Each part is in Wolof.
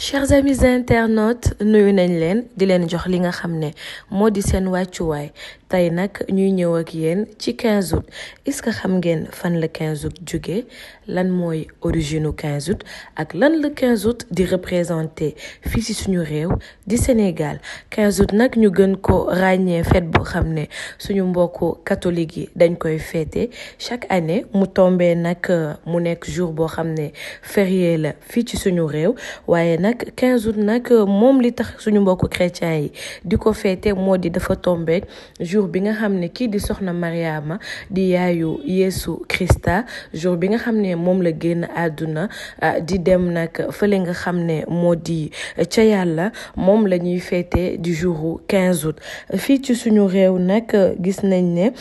chers amis internautes nuyu nañ leen di leen jox li nga xam ne moo di seen wàccuwaay tey nag ñuy ñëw ak yéen ci 15 août est-ce que xam ngeen fan la 15 août jóge lan mooy origine 15 août ak lan la 15 août di représenté fii ci suñu réew di Sénégal 15 août nag ñu gën ko ràññee fête boo xam ne suñu mbokku catholique yi dañ koy féete chaque année mu tombé nag euh, mu nekk jour boo xam ne férié la fii ci suñu réew waaye nag 15 août nak euh, mom li tax suñu mbokku chrétien yi diko ko modi dafa tombeek jour bi nga xamné ki di soxna Mariama di yaayu yesu christa jour bi nga xamné mom la génn aduna euh, di dem nak fële nga xamné modi ci di euh, mom la ñuy feete di jouru 15 août fi ci suñu réew nak gis nañ né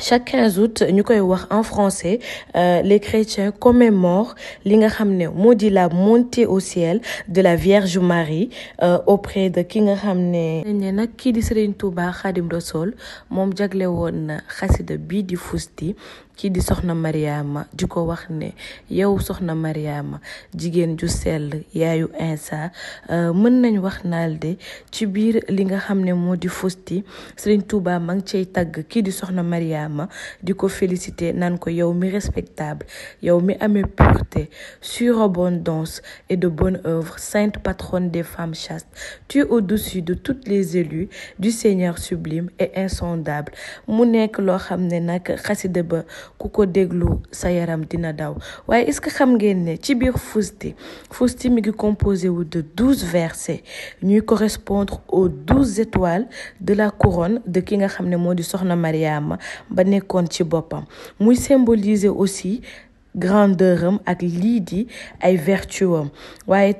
chaque 15 août en français euh, les chrétiens commémorent li nga la montée au ciel de la Vierge Marie euh, auprès de ki nga xamné di Serigne Touba Khadim qui di soxna Mariama du ko wax ne yow soxna Mariama jigéen ju sell yaayu insa euh, mën nañ wax de ci biir li nga xam ne moo di fusti Serigne Touba ma ngi cay ki di soxna Mariama di ko félicité naan ko yow mi respectable yow mi amee pureté surabondance et de bonne œuvre sainte patronne des femmes chastes tu au-dessus de toutes les élus du Seigneur sublime et insondable mu nekk loo ku ko déglu sa yaram dina daw waaye est-ce que xam ngeen fusti fusti mi ngi composé ou de douze versets ñuy correspondre aux douze étoiles de la couronne de ki nga xam ne moo di soxna Mariama ba nekkoon ci boppam muy symboliser aussi grandeur et ak lii di ay vertu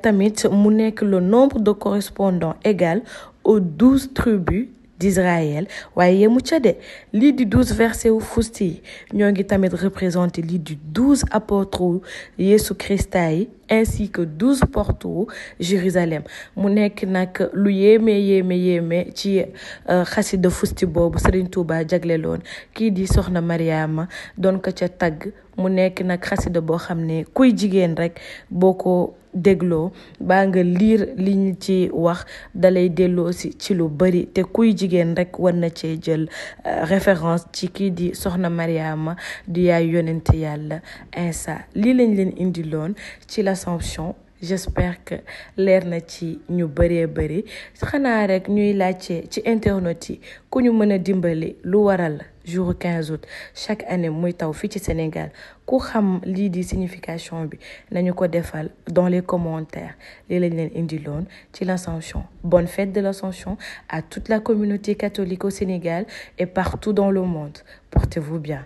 tamit mu le nombre de correspondants égal aux douze tribus d'Israël. Voyez, Mouchade, l'île du 12 verset ou Fousti, nous avons représenté l'île du 12 apôtres, Jésus-Christ, ainsi que douze portu Jérusalem mu nek nak lu yéeme yéeme yéeme ci euh, xasida fusti boobu Serigne Touba Don ki di soxna Mariama don ko ca tag mu nek nak xasida bo xam kuy jigen rek boko deglo ba nga lire ci wax dalay ci lu bari te kuy jigen rek war na euh, référence ci ki di soxna Mariama di yaay yalla Insa li lañ leen ci j'espère que l'air na ci ñu xana rek ñuy laccé ci internet yi ku ñu nous lu waral jour 15 août chaque année muy taw fi Sénégal ku xam li di signification bi nañu ko dans les commentaires les lañ leen indi ci bonne fête de l'ascension à toute la communauté catholique au Sénégal et partout dans le monde portez-vous bien